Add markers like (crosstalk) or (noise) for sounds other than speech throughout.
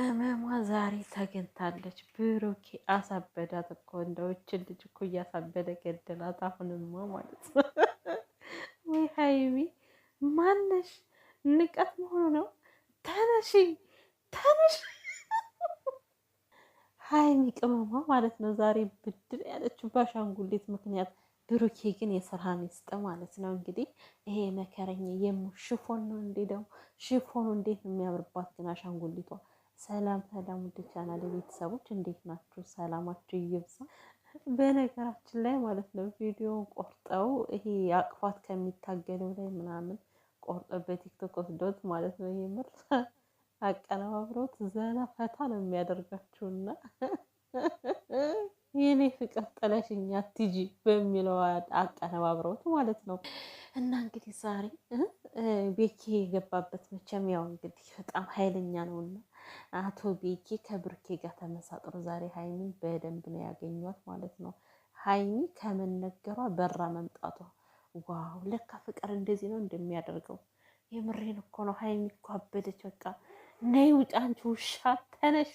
ቅመሟ ዛሬ ተገኝታለች። ብሩኬ አሳበዳት እኮ እንደዎችን ልጅ እኮ እያሳበደ ገደላት። አሁንማ ማለት ነው (laughs) ወይ ሀይሚ ማነሽ? ንቀት መሆኑ ነው። ተነሺ ተነሺ። (laughs) ሀይሚ ቅመሟ ማለት ነው ዛሬ ብድር ያለችው በአሻንጉሊት ምክንያት ብሩኬ ግን የስራ ሚስጥ ማለት ነው። እንግዲህ ይሄ መከረኛ የሙ ሽፎን ነው እንዴ ደግሞ ሽፎኑ እንዴት ነው የሚያምርባት ግን አሻንጉሊቷ ሰላም ሰላም፣ ውድ ቻናል ቤተሰቦች እንዴት ናችሁ? ሰላማችሁ ይብዛ። በነገራችን ላይ ማለት ነው ቪዲዮውን ቆርጠው ይሄ አቅፋት ከሚታገለው ላይ ምናምን ቆርጠው በቲክቶክ ወስዶት ማለት ነው ይሄ ምርጥ አቀነባብሮት ዘና ፈታ ነው የሚያደርጋችሁና (laughs) የኔ ፍቅር ጥለሽኝ አትሂጂ በሚለው አቀነባብረውት ማለት ነው። እና እንግዲህ ዛሬ ቤኪ የገባበት መቼም ያው እንግዲህ በጣም ኃይለኛ ነውና አቶ ቤኪ ከብርኬ ጋር ተመሳጥሮ ዛሬ ሀይሚ በደንብ ነው ያገኟት ማለት ነው። ሀይሚ ከመነገሯ በራ መምጣቷ ዋው! ለካ ፍቅር እንደዚህ ነው እንደሚያደርገው። የምሬን እኮ ነው። ሀይሚ እኮ አበደች። በቃ ነይ ውጭ አንቺ ውሻ ተነሺ።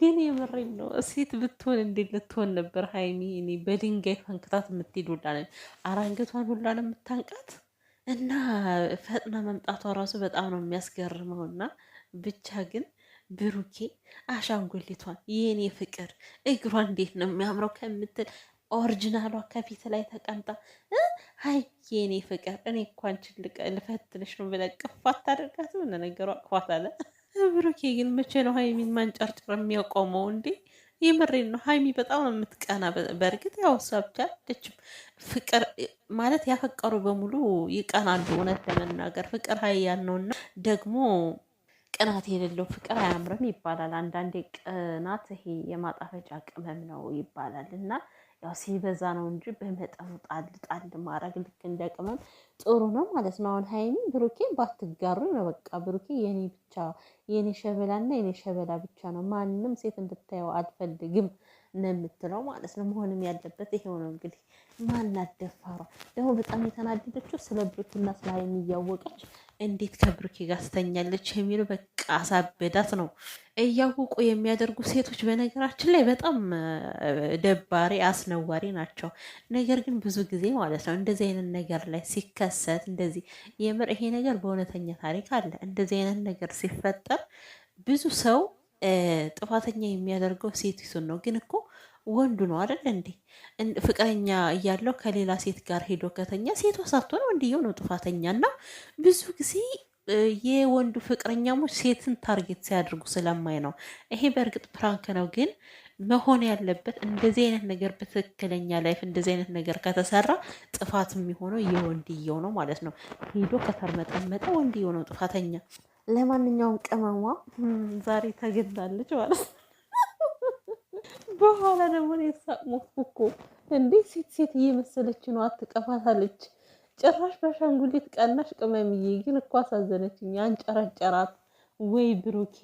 ግን የምሬን ነው። ሴት ብትሆን እንዴት ልትሆን ነበር ሀይሚ? እኔ በድንጋይ ፈንክታት የምትሄድ ሁላለን አራንገቷን ነው የምታንቃት እና ፈጥና መምጣቷ ራሱ በጣም ነው የሚያስገርመውና ብቻ ግን ብሩኬ አሻንጉሊቷን የኔ ፍቅር እግሯ እንዴት ነው የሚያምረው ከምትል ኦሪጂናሏ ከፊት ላይ ተቀምጣ ሀይ የኔ ፍቅር እኔ እኮ ልፈትንሽ ነው ብለህ ቅፋት አታደርጋትም? እነ ነገሩ አቅፏት አለ ብሩኬ። ግን መቼ ነው ሀይሚን ማንጨርጭር የሚያቆመው እንዴ? የምሬን ነው። ሀይሚ በጣም ነው የምትቀና። በእርግጥ ያው እሷ ብቻ አይደለችም። ፍቅር ማለት ያፈቀሩ በሙሉ ይቀናሉ። እውነት ለመናገር ፍቅር ሀይ ያልነውና ደግሞ ቅናት የሌለው ፍቅር አያምርም ይባላል። አንዳንዴ ቅናት ይሄ የማጣፈጫ ቅመም ነው ይባላል እና ያው ሲበዛ ነው እንጂ በመጠኑ ጣል ጣል ማድረግ ልክ እንደ ቅመም ጥሩ ነው ማለት ነው። አሁን ሀይሚ ብሩኬ ባትጋሩ ነው በቃ ብሩኬ የኔ ብቻ የኔ ሸበላና የኔ ሸበላ ብቻ ነው፣ ማንም ሴት እንድታየው አልፈልግም ነው የምትለው ማለት ነው። መሆንም ያለበት ይሄው ነው። እንግዲህ ማን አደፋሯ ደግሞ በጣም የተናደደችው ስለ ብሩክና ስለ ሀይሚ እያወቀች እንዴት ከብሩኬ ጋር ስተኛለች የሚሉ በቃ አሳበዳት ነው እያወቁ የሚያደርጉ ሴቶች በነገራችን ላይ በጣም ደባሪ አስነዋሪ ናቸው። ነገር ግን ብዙ ጊዜ ማለት ነው እንደዚህ አይነት ነገር ላይ ሲከሰት እንደዚህ የምር ይሄ ነገር በእውነተኛ ታሪክ አለ። እንደዚህ አይነት ነገር ሲፈጠር ብዙ ሰው ጥፋተኛ የሚያደርገው ሴቲቱን ነው ግን እኮ ወንዱ ነው አደለ እንዴ? ፍቅረኛ እያለው ከሌላ ሴት ጋር ሄዶ ከተኛ ሴቷ ሳትሆን ወንድየው ነው ጥፋተኛ። እና ብዙ ጊዜ የወንዱ ፍቅረኛሞች ሴትን ታርጌት ሲያደርጉ ስለማይ ነው። ይሄ በእርግጥ ፕራንክ ነው፣ ግን መሆን ያለበት እንደዚህ አይነት ነገር በትክክለኛ ላይፍ እንደዚህ አይነት ነገር ከተሰራ ጥፋት የሚሆነው የወንድየው ነው ማለት ነው። ሄዶ ከተርመጠመጠ ወንድየው ነው ጥፋተኛ። ለማንኛውም ቅመሟ ዛሬ ተገዳለች ማለት ነው። በኋላ ደግሞ የሳቅ ሞት እኮ እንዴ! ሴት ሴት እየመሰለች ነው አትቀፋታለች። ጭራሽ በአሻንጉሊት ቀናሽ ቅመምዬ ግን እኮ አሳዘነችኝ። አንጨረጨራት ወይ ብሩኬ